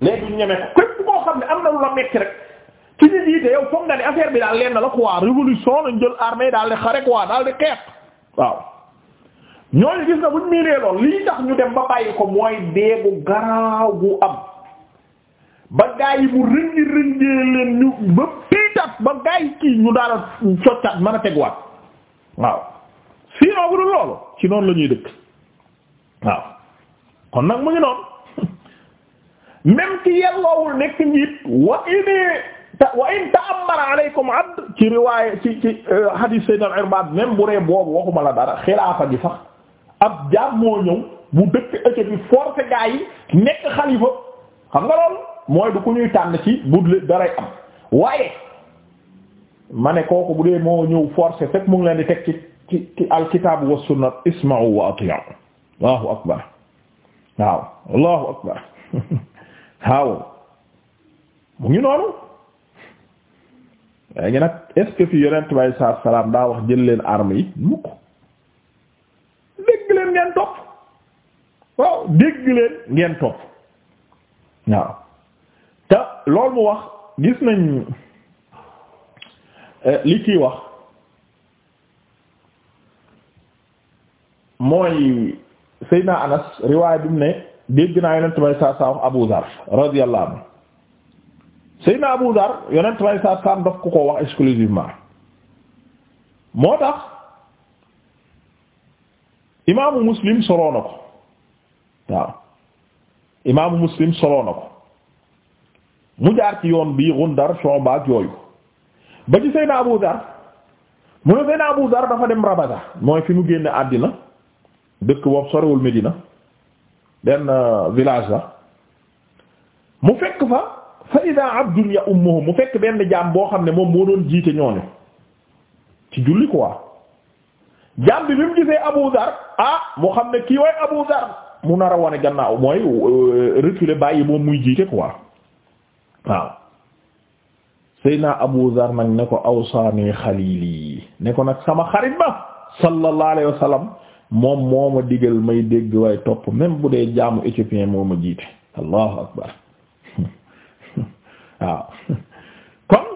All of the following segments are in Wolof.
léegi ñeme ko képp koo xam ne am na lu la metti rek ci ñu jiite yow foog nga ne affaire bi daal leen la quoi révolution lañ jël armée daal di xare quoi daal di xeex waaw ñooñu gis na buñ miinee lool lii tax ñu dem ba bàyyi ko mooy deegu garaaw gu am ba gaay yi bu rëngi rëngee leen ñu ba piitat ba gaay kii ñu daal coccaat mën a teguwaat waaw sinon bu loolu ci noonu la ñuy dëkk waaw kon nag mu ngi noonu même ki yelloowul nekk njiit wa inee wa in ta'ammara alaykum abd ci riwaaya ci ci euh, hadith sayyid al-Irbad bu ree boobu waxuma la dara xilaafa gi sax ab jaam moo ñëw bu dëkk Éthiopie forcé gaa yi nekk xalifa xam nga lool mooy du ku ñuy tànn ci bu daray am waaye ma ne kooku bu dee moo ñëw forcé fekk mu leen di teg ci ci ci alkitaab wa sunna isma'u wa ati'u allahu akbar waaw akbar waaw mu ngi noonu léegi nag est-ce fi yonent bay saa salaam daa wax jël leen armes yi mukk dégg leen ngeen topp waaw dégg leen ngeen topp waaw te loolu mu wax gis nañ eh, li ciy wax mooy Seydina Anas riwaay bi mu ne dégg naa yonent bay saa saa wax Abu Dhar radiyallahu anhu Seydina Abu Dhar yonent bay saa saa daf ko ko wax exclusivement moo tax imaamu Muslim soloo na ko waaw imaamu Muslim soloo ko mu jaar ci yoon bii dar Shu'ba ak yooyu ba ci Seydina Abu Dhar mu ne Seydina Abu Dhar dafa dem Rabada mooy fi mu génne àddina dëkk boobu sorewul Medina benn euh, village la mu fekk fa fa ida abdun ya ummuhum mu fekk benn jaam boo xam ne moom moo doon jiite ñooñu ci julli quoi jaam bi bi mu gisee Abu Dar ah mu xam ne kii way Abu Dar mu nar wane gannaaw mooy euh, reculer bàyyi moom muy jiite quoi waaw Seyna Abu Dar nag ne ko awsaani xalili ne ko nag sama xarit ba sallallahu alayhi moom moo ma digal may dégg waaye topp même bu dee jaamu éthiopien moo ma jiite allahu akbar waaw kon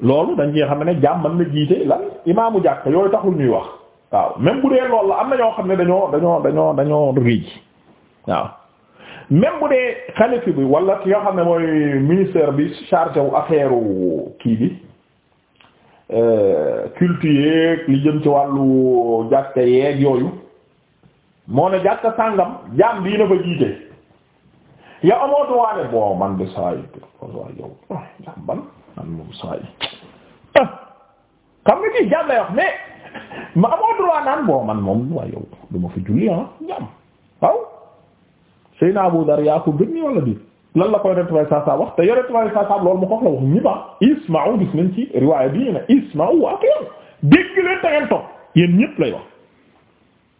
loolu dañ ci xam ne jaam mën na jiite lan imaamu jàkk yooyu taxul ñuy wax waaw même bu dee lool la am na ñoo xam ne dañoo dañoo dañoo dañoo riij waaw même bu dee xalifi bi wala ki nga xam ne mooy ministère bi chargé wu affaire kii bi Euh, culte yeeg li jëm ci wàllu jàkka yeeg yooyu moo ne jàkka sàngam jaam bii na fa jiite yow amoo droit bon man oh, ah, man moom saa yi ah, xam nga kii jaam lay wax mais ma amoo man moom waaye yow du ma fa julli ah jaam waaw Seydina Abu Dar yaa ko gën ni wala bi lan la koy retway sa sa wax te yo retway sa sa loolu mu ko la wax ñi ba isma'u gis nañ ci riwaaya bi ñu ne isma'u wa ati'u dégg leen te ngeen topp yéen ñëpp lay wax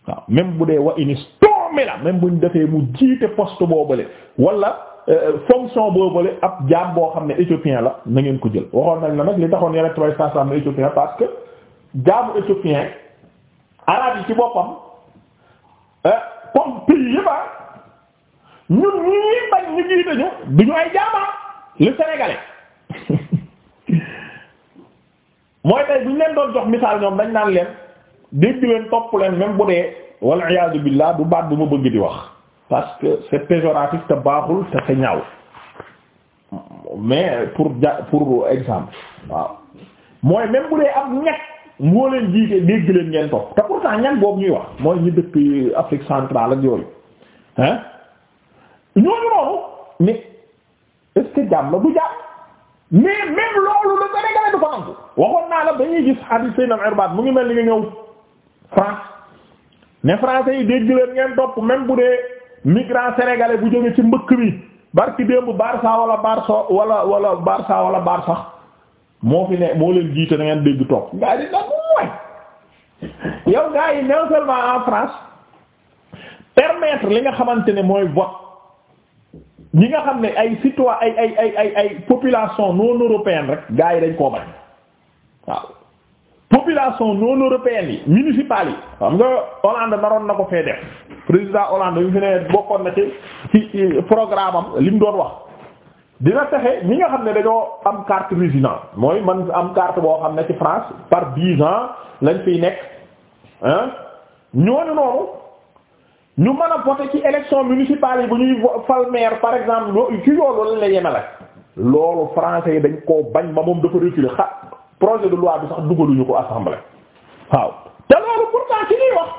waaw même bu dee wa inis toome la même buñ defee mu jiite poste boobale wala euh, fonction boobale ab jaam boo xam ne éthiopien la na ngeen ko jël waxoon nañ la nag li taxoon yo retway sa sa na éthiopien parce que jaamu éthiopien arabe yi ci boppam euh, comme pays yëpp ah, ñun ñii bañ ñu jiite ñu du ñu ñu ñoom dañ naan leen dégg leen topp leen même bu baat bu ma bëgg di wax parce que baaxul te te ñaaw mais pour ja pour dégg leen ngeen topp te pourtant ñuy wax mooy ñu dëkk Afrique centrale ak yooyu hein ñooñu noonu mais est-ce que jàmm la du jàmm mais même loolu le Sénégalais ko waxoon naa la dañuy gis hadith Seydina Irbaad mu ngi mel ni nga ñëw France ne français yi dégg leen ngeen topp même bu dee migrant sénégalais bu jógee ci mbëkk mi barki démb Barça wala Barça wala wala Barça wala Barsax moo fi ne moo leen jiite na ngeen dégg topp ngaa yi nag mooy yow ngaa yi non en France permettre li nga xamante ne mooy vote ñi nga xam ne ay citoyen ay ay ay ay ay population non européenne rek gars yi dañ koo bañ waaw population non européenne yi municipal yi xam nga Hollande naroon na ko fee def président Hollande yu fi ne bokkoon na ci ci programme am li mu doon wax dina fexe ñi nga xam ne dañoo am carte résident mooy man am carte boo xam ne ci France par dix ans lañ fiy nekk hein ñooñu noonu ñu mën a voter ci élection municipale yi bu ñuy fal par exemple ci yoolu loolu français yi dañ koo bañ ma moom dafa reculer xa projet de loi bi sax dugaluñu ko assemblée waaw te loolu pourtant ci ñuy wax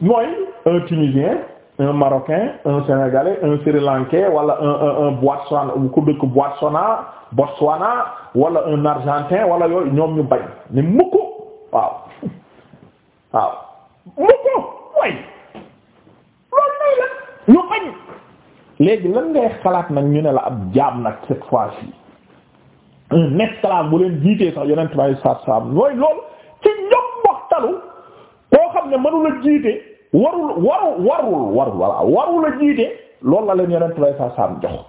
mooy un tunisien un marocain un sénégalais un sri-lankais wala un un ku dëkk Botswana Botswana wala un argentin wala yooyu ñoom ñu bañ ne mukk waaw waaw ñu bañ léegi lan ngay xalaat nag ñu ne la ab jaam nag cette fois-ci un esclave bu leen jiitee sax yonent bi saab saab mooy loolu ci ñoom waxtalu koo xam ne mënu jiite warul warul warul warul walla jiite loolu la leen yonent bi saab saab jox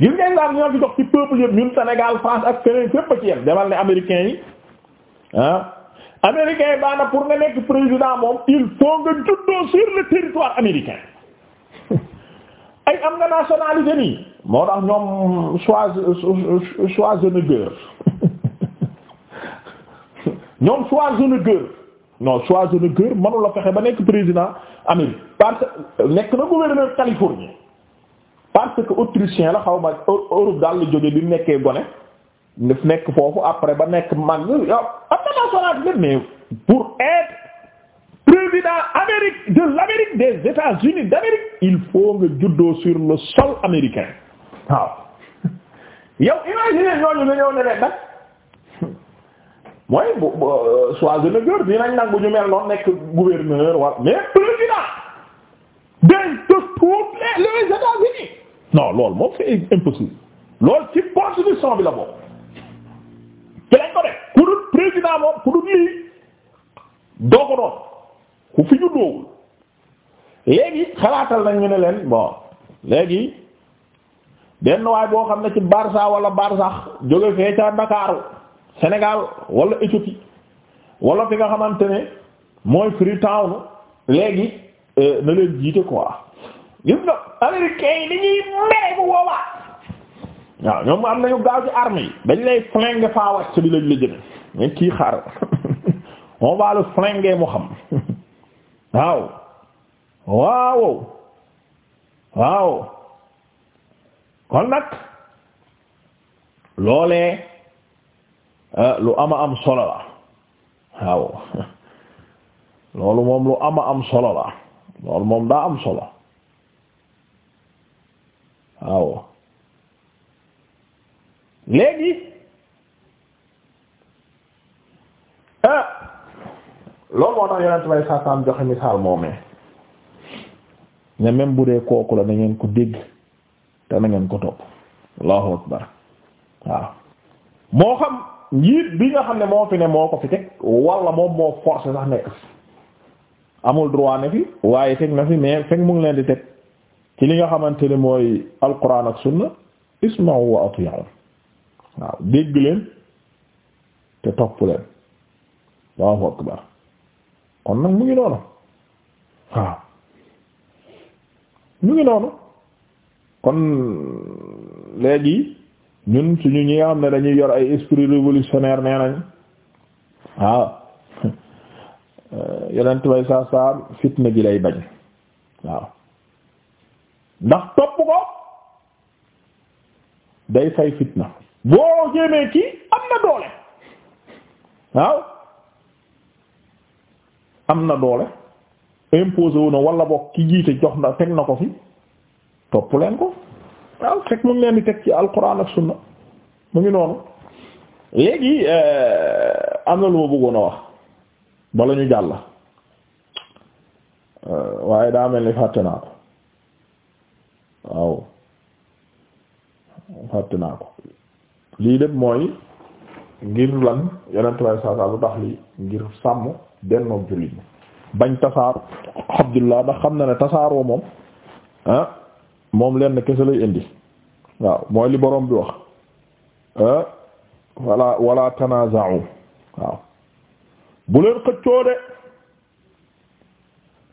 gis nga exemple ñoo ci jox ci peuple yëpp ñun Sénégal France ak feneen fépp a ci yem demal ne américain yi ah américain yi baana pour nga nekk président moom il faut nga juddoo sur le territoire américain ay am nga nationalité nii moo tax ñoom choix choix Schwarzenegger ñoom Schwarzenegger non Schwarzenegger mënu la fexe ba nekk président Amérique parce que nekk na gouverneur Californie parce que autrichien la xaw ma Europe daal la jóge bi nekkee gone daf nekk foofu après ba nekk mag am mais pour être président Amérique de l'Amérique des États-Unis d'Amérique il faut nga juddoo sur le sol américain waaw yow imagine ñooñu nga ñëw ne leen nag mooy bu choisir na gër dinañ nag bu ñu mel noonu nekk gouverneur wala mais président day de tous les États-Unis non loolu moom c'est impossible loolu ci constitution bi la bokk ci ko def ku président moom ku lii doo ku fi juddoowul léegi xalaatal nañ ñu ne leen bon léegi benn waay boo xam ne ci barsa wala Barsax jóge fee ca Ndakaaru Sénégal wala Éthiopie wala fi nga xamante ne mooy Freetown léegi euh, na leen jiite quoi gis nga américains yi dañuy mere bu boobaa waaw ñoom am nañu gaaw ci armes yi dañ lay flinguer faa wàcc bi lañ la jëme mais kii xaar on va le flinguer mu xam waaw waaw waaw kon nag eh, lu ama am solo la waaw loolu moom lu ama am solo la loolu moom daa am solo waaw léegi ah loolu moo tax yonent bay saasaam joxe misaal moomee ne même bu dee kooku la na ngeen ko dégg te na ngeen ko topp allahu akbar waaw moo xam njiit bi nga xam ne moo fi ne moo ko fi teg wala moom moo forcé sax nekk amul droit ne fi waaye teg na fi mais fekk mu ngi leen di teg ci li nga xamante ne mooy alquran ak sunna isma'u wa ati'u waaw dégg leen te topp leen allahu akbar kon nag mu ngi noonu waaw mu ngi noonu kon léegi ñun suñu ñi nga ne dañuy yor ay esprit révolutionnaire nee nañ waaw yeneen tubay saa saa fitna ji lay bañ waaw ndax topp ko day fay fitna boo jéemee kii am na doole waaw am na doole imposé na wala bokk ki jiite jox na teg na ko fi topp leen ko waaw fekk mu ngi leen teg ci alquran ak sunna mu ngi noonu léegi euh, am na lu ma bëggoon a wax bala ñu jàll euh, waaye daa mel ni fàtte naa ko waaw fàtte naa ko lii lépp mooy ngir lan yeneen tubaab saa saa lu tax lii ngir sàmm. bennoom jullit ñi bañ tasaar Abdullah ndax xam na ne tasaaroo moom ah moom leen kese lay indi waaw mooy li boroom bi wax ah wala wala tanaza'u waaw bu leen xëccoo de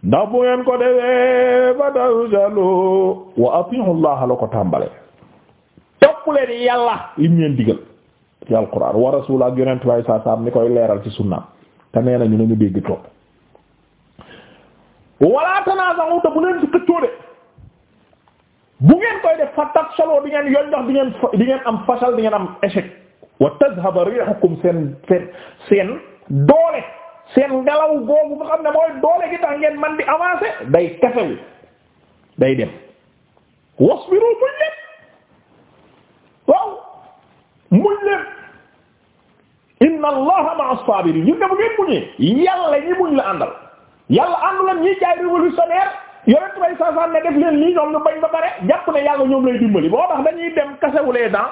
ndax bu ngeen ko defee ba tasjaloo wa ati'u Allah la ko tàmbale topp leen yàlla yim ngeen digal ci alquran wa rasul ak yonent way sa sam ni koy leeral ci sunna te nee nañu nañu dégg topp wala tanaasaxu te bu leen ci xëccoo de bu ngeen koy def fa tafshaloo di ngeen yoon jox di ngeen di ngeen am fashal di ngeen am échec wa tadhhaba rihukum seen seen seen doole seen ngelaw googu nga xam ne mooy doole gi tax ngeen man bi avancer day kasewu day dem wasbiru muñ leen waaw muñ inna allaha ma'a as-sabirin ñun de bu ngeen muñee yàlla ñi muñ la àndal yàlla àndu lan ñiy jaay révolutionnaire yonent bay sasan ne def leen lii ñoom ñu bañ ba bare jàpp ne yàlla ñoom lay dimbali boo tax dañuy dem kasewulee dans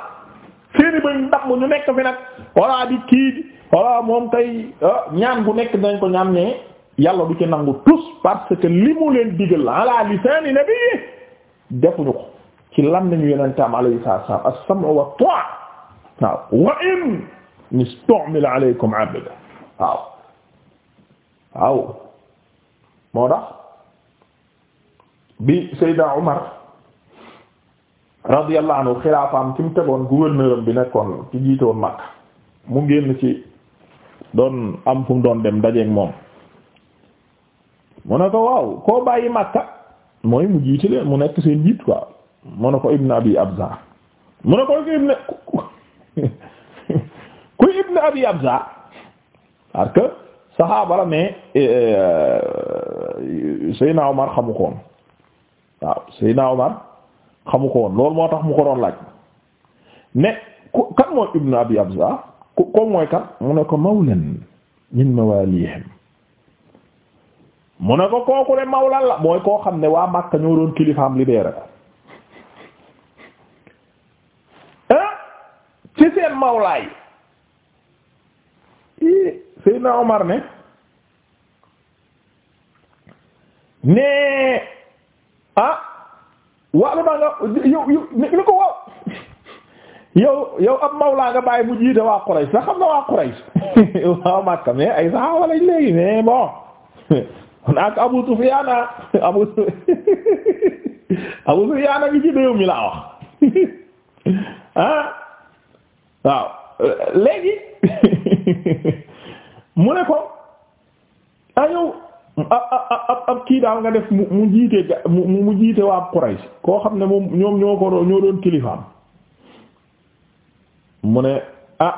seeni bañ ndax mu ñu nekk fi nag walla di kii walla moom tey ah, ñaan gu nekk dañ ko ñaan ne yàlla du ci nangu tous parce que li mu leen digal ala lisaani nabiyyi defuñu ko ci lam nañu yonentam alayhi salaam saa samu wa ta'a waaw wa in istumila alaykum abd waaw waaw moo tax bi Seydina Umar radiyallahu anhu xilaafaam ci mu tegoon gouverneur bi nekkoon ci jiitoon Makka mu génn ci doon am fu mu doon dem dajeeg moom mu ne ko waaw koo bàyyi Makka mooy mu jiite leen mu nekk seen jiit quoi mu ne ko Ibn Abi Abza mu ne ko Ibn ku ibn abi abza parce que saxaaba la mais euh, euh, Seydina xamu ko woon waaw Seydina Omar xamu ko loolu moo tax mu ko doon laaj mais ku kan mooy ibn abi abza ku ko mooy kan mu ne ko mawlan min mu ne ko kooku le mawlan la mooy koo xam ne waa Makka ñoo doon kilifaam libéré ko ci seen mawlaay Seydina Omar ne ne ah waa la maa nga yow yow ni ko waaw yow yow ab mawlaa nga bàyyi mu jiite waa Quraysh sax ay saxaaba lañ léegi mais bon naak Abu Sufyaan Abu Abu Sufyaan ngi ci réew mi laa wax ah mu ne ko ah yow ab ab kii daal nga def mu mu jiite mu mu jiite waa Quraysh koo xam ne moom ñoom ñoo ko ñoo doon kilifaam mu ne ah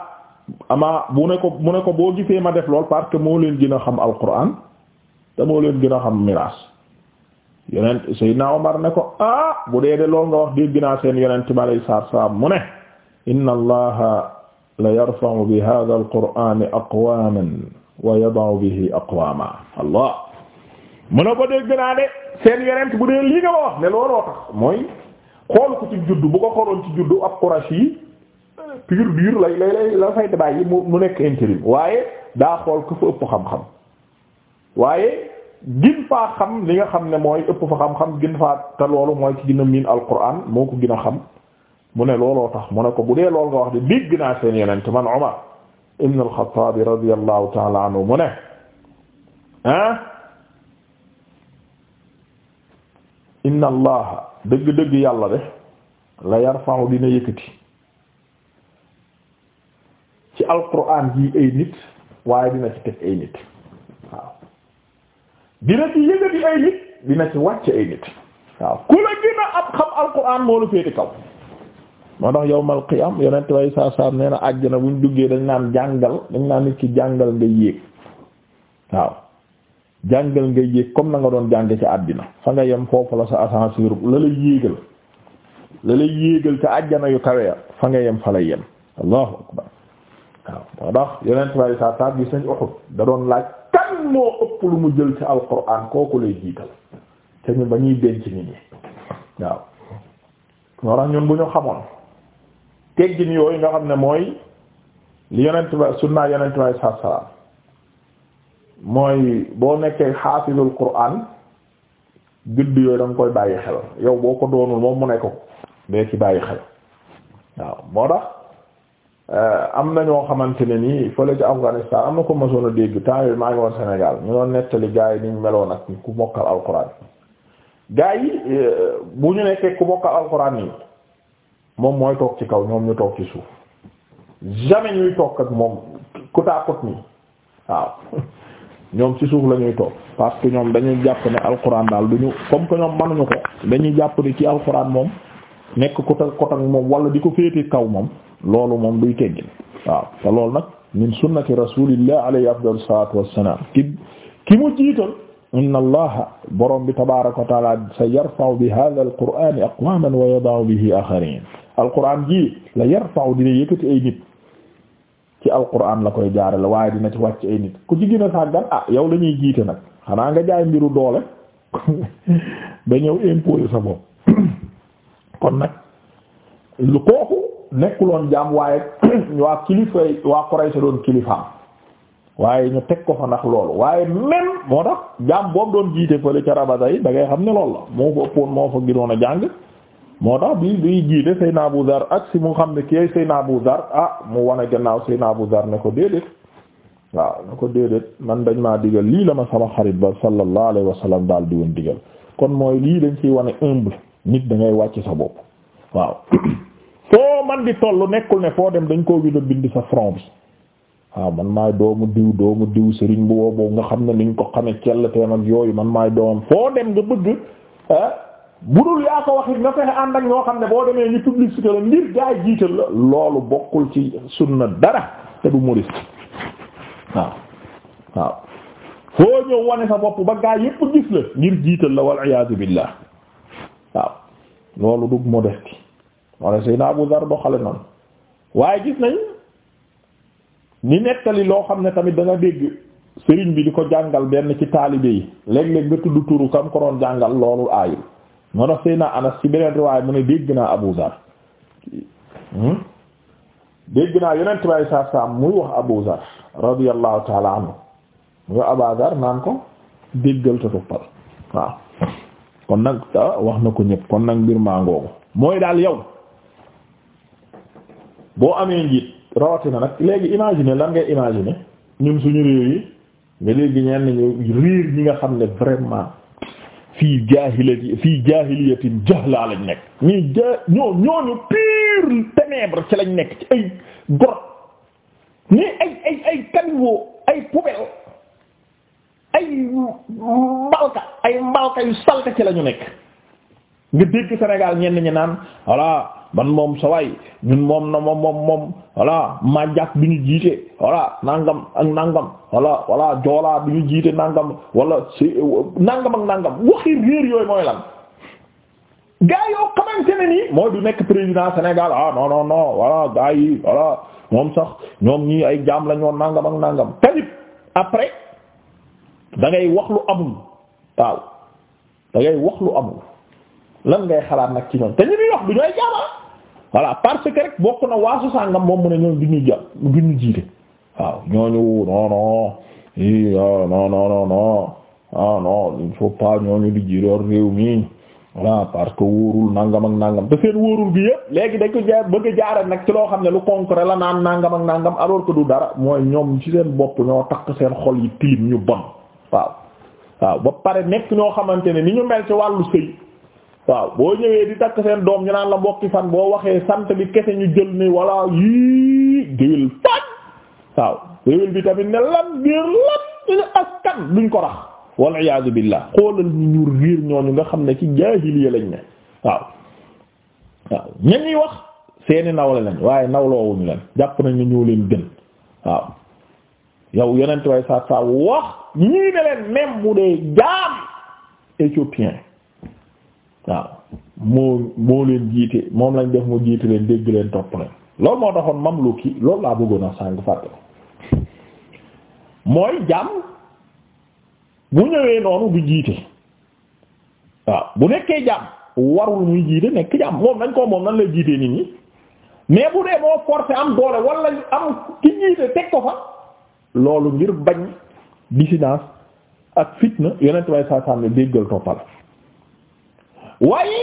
amaa bu ne ko mu ne ko boo gisee ma def lool parce que moo leen gën a xam Alquran te moo leen gën a xam miraas yonent Seydina Omar ne ko ah bu dee de lool nga wax dégg naa seen yonent bi alayhi salaam mu ne inna allaha la yarfa'u bi hadha al-qur'ani aqwaman na wax ne looloo tax mooy xool ko ci mu nekk intérim waaye daa xool ko fa ëpp xam-xam waaye gin faa xam li nga xam ne mooy ëpp fa xam-xam gin faa te loolu mooy ci gën a miin alquran moo ko gën a xam mu ne looloo tax mu ne ko bu dee lool nga wax de dégg naa seen yonent man Umar ibn al-Khattab radiyallahu mu ne ah inna allaha dëgg-dëgg yàlla de la yarfa'u dina yëkkati ci alquran ji ay nit waaye dina ci teg ay nit waaw dina ci yëkkati ay nit dina ci wàcc ay nit waaw ku la gën ab xam alquran moo la féete kaw moo tax yawmal qiyam yonent way saa saam nee na àjjana buñ duggee dañ naan jàngal dañ naan nit ki jàngal nga yéeg waaw jàngal nga yéeg comme na doon jàng ci àddina fa nga yem foofu la sa ascenseur la lay yéegal la lay yéegal ca àjjana yu kawe fa nga yem fa lay yem allahu akbar waaw moo tax yonent way saa saam gis nañ Uhud da doon laaj kan moo ëpp lu mu jël ci alquran kooku lay jiital te ñu ba ñuy denc nit ñi waaw moo tax ñun bu ñu xamoon teggin yooyu nga xam ne mooy li yonent ba sunnaa yonent ba saa mooy boo nekkee xaafizul quraan gëdd yooyu da nga koy bàyyi xel yow boo ko doonul moom mu ne ko dee ci bàyyi xel waaw moo tax euh, am na ñoo xamante ne nii fële ci Afghanistan am na ko mësoon a dégg temps yooyu maa ngi woon Sénégal ñu doon nettali gaa yi niñ meloon ak ku mokkal alxuraan gaa yi euh, bu ñu nekkee ku mokkal alxuraan nii moom mooy toog ci kaw ñoom ñu toog ci suuf jamais ñuy toog ak moom côte à nii waaw ñoom ci suuf la ñuy toog parce que ñoom dañuy jàpp ne alxuraan daal duñu comme que ñoom mënuñu ko dañuy jàpp ne ci alxuraan moom nekk côte à moom wala di ko féete kaw moom loolu moom duy teggin waaw te loolu nag min sunnati rasulillah alayhi afdalu salaatu wassalaam ki ki mu jiital inna allaha borom bi tabaraka wa taala sa yarfa'u bi hadha alqur'ani aqwaman wa yada'u bihi akharin alqur'an ji la yarfa'u dina yëkkati ay nit ci alqur'an la koy jaare la waaye dina ci wàcc ay nit ku ci gën a sàggan ah yow la ñuy jiite nag xanaa nga jaay mbiru doole ba ñëw imposer sa bopp kon nag lu kooku nekkuloon jaam waaye waa kilifa waa Quraysh doon kilifaam waaye ñu teg ko fa ndax loolu waaye même moo tax jaam boobu doon jiite fële ca rabata yi da ngay xam ne lool la moo fa moo fa ginoon a jàng moo tax bi bi jiite Seyna bu Zar ak si mu xam ne kii Seyna bu Zar ah mu wane gannaaw Seyna bu Zar ne ko déedéet waaw ne ko déedéet man dañ maa digal lii la ma sama xarit ba sallallahu alayhi wa sallam daal di woon digal kon mooy lii dañ ciy wane humble nit da ngay wàcc sa bopp waaw foo man di toll nekkul ne foo dem dañ koo wila bind sa front bi waaw man maay doomu diw doomu diw sëriñ boobu nga xam ne niñ ko xame cell teem ak yooyu man maay doomam foo dem nga bëgg bu dul yaa ko wax it nga fexe ànd ak ñoo xam ne boo demee ñu publicité la ngir gaay jiital la loolu bokkul ci sunna dara te du muris waaw waaw foo ñëw wane sa bopp ba gaay yépp gis la ngir jiital la wal iyaazu billah waaw loolu du modestie wala Seydina Abu Dar doxale noonu waaye gis nañ ni nettali loo xam ne tamit danga nga dégg sëriñ bi di ko jàngal benn ci taalibe yi léeg-léeg nga tudd turu kam ko doon jàngal loolu aayul moo tax Seydina Anas ci beneen riwaay mu ne dégg naa Abu Zar hmm? dégg naa yeneen tubaab saa saa muy wax Abu Zar radiyallahu ta'ala anhu muy wax Abu naan ko déggal te toppal waaw kon nag wax na ko ñëpp kon nag mbir maa mooy daal yow boo amee njiit rawatina nag léegi imaginer lan ngay imaginer ñun suñu réew yi nga léegi ñenn ñu réer ñi nga xam ne vraiment fii jaahilati fii jaahiliyatin jahlaa lañ nekk ñii ja ñoo ñooñu pire ténèbre ci lañ nekk ci ay gor nii ay ay ay caniveau ay poubelle ay mbalka ay mbalka yu salte ci lañu nekk nga dégg Sénégal ñenn ñi naan voilà man moom sa ñun moom na moom moom moom voilà maa bi ñu jiite voilà nangam ak nangam walla voilà joolaa bi ñu jiite nangam wala si nangam ak nangam waxi réer yooyu mooy lan. gaa yoo xamante ne nii mooy du nekk président Sénégal ah non non non voilà gaa yi voilà moom sax ñoom ñii ay jaam la ñoon nangam ak nangam tamit après da ngay wax lu amul waaw da ngay wax lu amul lan ngay xalaat nag ci ñoom te ñu ngi wax du ñu ay jaam ah. voilà parce que rek bokk na waasu sàngam moom mu ne ñoom du ñu jàpp du ñu jiite waaw ñooñu non non i ah, non non non non ah non il faut pas ñooñu di jiroor réew mi voilà parce que wóorul nangam ak nangam te seen wóorul bi yëpp léegi dañ ko jaar bëgg a jaarale nag ci loo xam ne lu concret la naan nangam ak nangam alors que du dara mooy ñoom ci seen bopp ñoo takk seen xol yi tilim ñu bon waaw waaw ba pare nekk ñoo xamante ne ni ñu mel ci wàllu sëy waaw boo ñëwee di takk seen doom ñu naan la mbokki fan boo waxee sant bi kese ñu jël ni walla yii géwél fan waaw géwél bi tamit ne lan géer lan ñu ak kan duñ ko rax wal iyaadu billah xoolal ñu ñu riir ñooñu nga xam ne ci jaahiliya lañ ne waaw waaw ñañuy wax seeni nawle lañ waaye nawloowuñ leen jàpp nañ ne ñoo leen gën waaw yow yonent way saat saa wax ñii ne leen même bu dee jaam éthiopien waaw moo moo leen jiite moom lañ def mu jiite leen dégg leen topp leen loolu moo taxoon mamluk yi loolu laa bëggoon a sàng fàtte mooy jaam bu ñëwee noonu du jiite waaw bu nekkee jaam warul muy jiite nekk jaam moom nañ koo moom nan lay jiitee nit ñi mais bu dee moo forcé am doole wala am ki jiite teg ko fa loolu ngir bañ dissidence ak fitna yonent way saa sànni déggal toppal waaye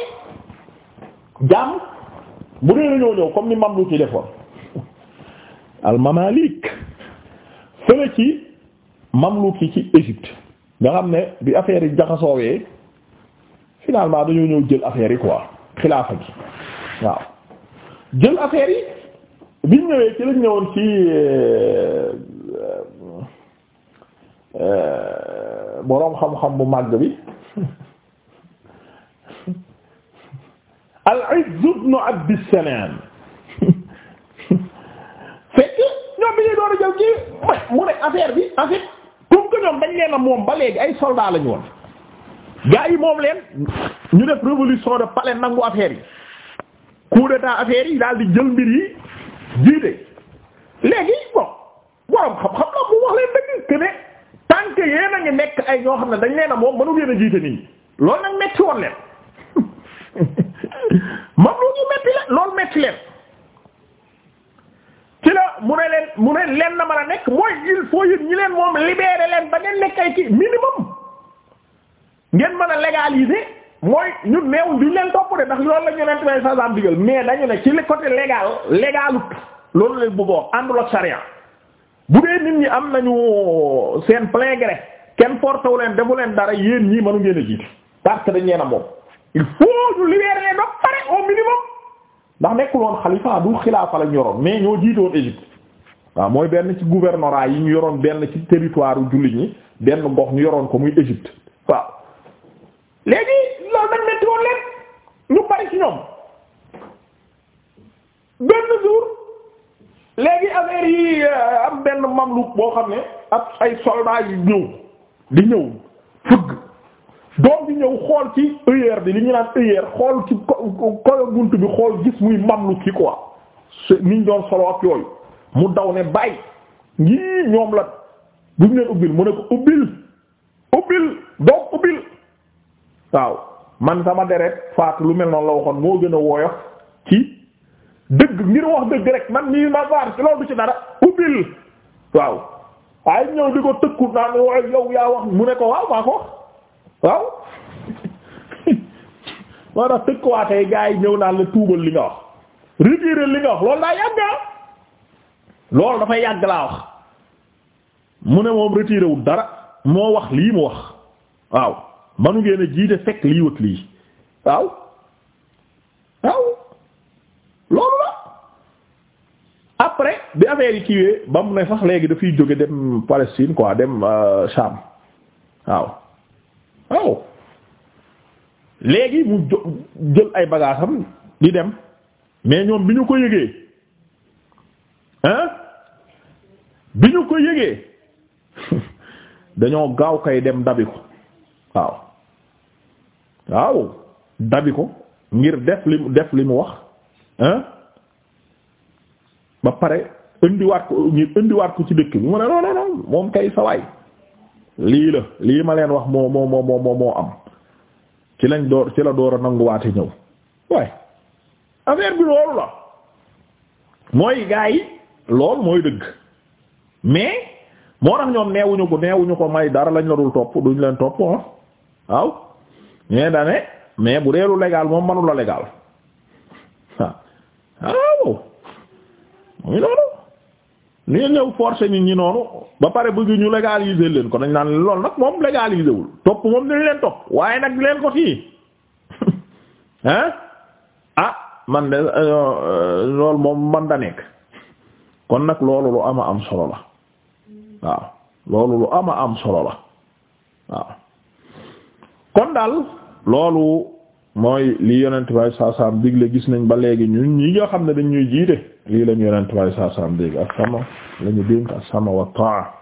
jaam bu dee dañoo ñëw comme ni mamluk yi defoon al mamalik fële ci mamluk yi ci Égypte nga xam ne bi affaire yi jaxasoowee finalement dañoo ñëw jël affaire yi quoi xilaafa gi waaw jël affaire yi biñ ñëwee ci lañ ñëwoon ci euh, euh, boroom xam-xam bu màgg bi al-Izz ibn Abd Salam fekk ñoom bi ñuy door a jël kii mu ne affaire bi en fait comme que ñoom dañ leen a moom ba léegi ay soldats lañu ñu woon gars yi moom leen ñu def révolution de palais nangu affaire yi coup d'état affaire yi daal di jël mbir yi jiite léegi bon borom xam-xam la mu wax leen dëgg que ne tant que nekk ay ñoo xam ne dañ leen a moom mënu leen a jiite nit ñi loolu nag metti woon leen. moom lu ñu metti leen loolu metti leen ci la mu ne leen mu ne leen na mën a nekk mooy il faut yéen ñi leen moom libérer leen ba ngeen nekk ay kii minimum ngeen mën a légaliser mooy ñu neew duñ leen topp de ndax loolu la ñu leen tibay sa sam digal mais dañu ne ci côté légal légalut loolu leen bëggoon àndul sarian bu dee nit ñi am nañu seen plein gré kenn porté leen defu leen dara yéen ñii mënu ngeen a jiite parce que dañ leen a moom il faut ñu libérer ba pare au minimum ndax nekkul woon xalifa du xilaafa lañ yoroon mais ñoo jiitoon Égypte waaw mooy benn ci gouvernorat yi ñu yoroon benn ci territoire jullit ñi benn gox ñu yoroon ko muy Égypte waaw léegi loolu dañ metti woon leen ñu bari ci ñoom benn jour léegi affaire yi euh, am benn mamluk boo xam ne ab ay soldats yu ñëw di ñëw doom bi ñëw xool ci œillère bi li ñu naan œillère xool ci koyo bunt bi xool gis muy mamlu ki quoi niñ doon solo ak yooyu mu daw ne bàyyi ngii ñoom la buñ leen ubbil mu ne ko ubbil ubbil doom ubbil waaw man sama deret faatu lu mel noonu la waxoon moo gën a woyof ci dëgg ngir wax dëgg rek man nii ma faar ci loolu ci dara ubbil waaw waaye ñëw di ko tëkku naan waaye yow yaa wax mu ne ko waaw maa ko waaw moo tax tëkkuwaatee gaa yi ñëw naan la tuubal li nga wax retirer li nga wax loolu daa ah. yàgg laa wax mu ne moom retiré wul dara moo wax lii mu wax waaw manu ngeen a jiite fekk lii wët lii waaw waaw loolu la après bi affaire yi kiiwee ba mu ne sax léegi dafiy jóge dem Palestine quoi dem Sham euh, waaw waaw léegi mu jël ay bagaasam di dem mais ñoom bi ñu ko yëgee hein bi ñu ko yégee dañoo gaaw kay dem dabi ko waaw waaw dabi ko ngir def li def li mu wax hein ba pare indiwaat ko ngir indiwaat ko ci dëkk bi mu ne non non non moom kay sawaay lii la lii ma leen wax moo moo moo moo moo am ci lañ door ci la door a nanguwaate ñëw waaye affaire bi loolu la mooy gaa yi loolu mooy dëgg mais moo tax ñoom neewuñu ko neewuñu ko may dara lañ la dul topp duñ leen topp ah waaw ñee dane mais bu dee lu légal moom mënu la légal ah. waaw mu ngi noonu li nga ñëw forcer nit ñi ba pare bëgg ñu légaliser leen ko dañ naan lool nag moom légaliser wul topp moom dañ leen topp waaye nag di leen ko fii hein ah man de euh, euh, loolu moom man da nekk kon nag loolu lu ama am solo la waaw loolu lu ama am solo la waaw kon daal loolu mooy li yonent bay saa saam digle gis nañ ba léegi ñu ñi nga xam ne dañ ñuy jiite lii la ñu yonent bi sallallahu alayhi wasallam dégg ak sama la ñu dénk ak sama wa taa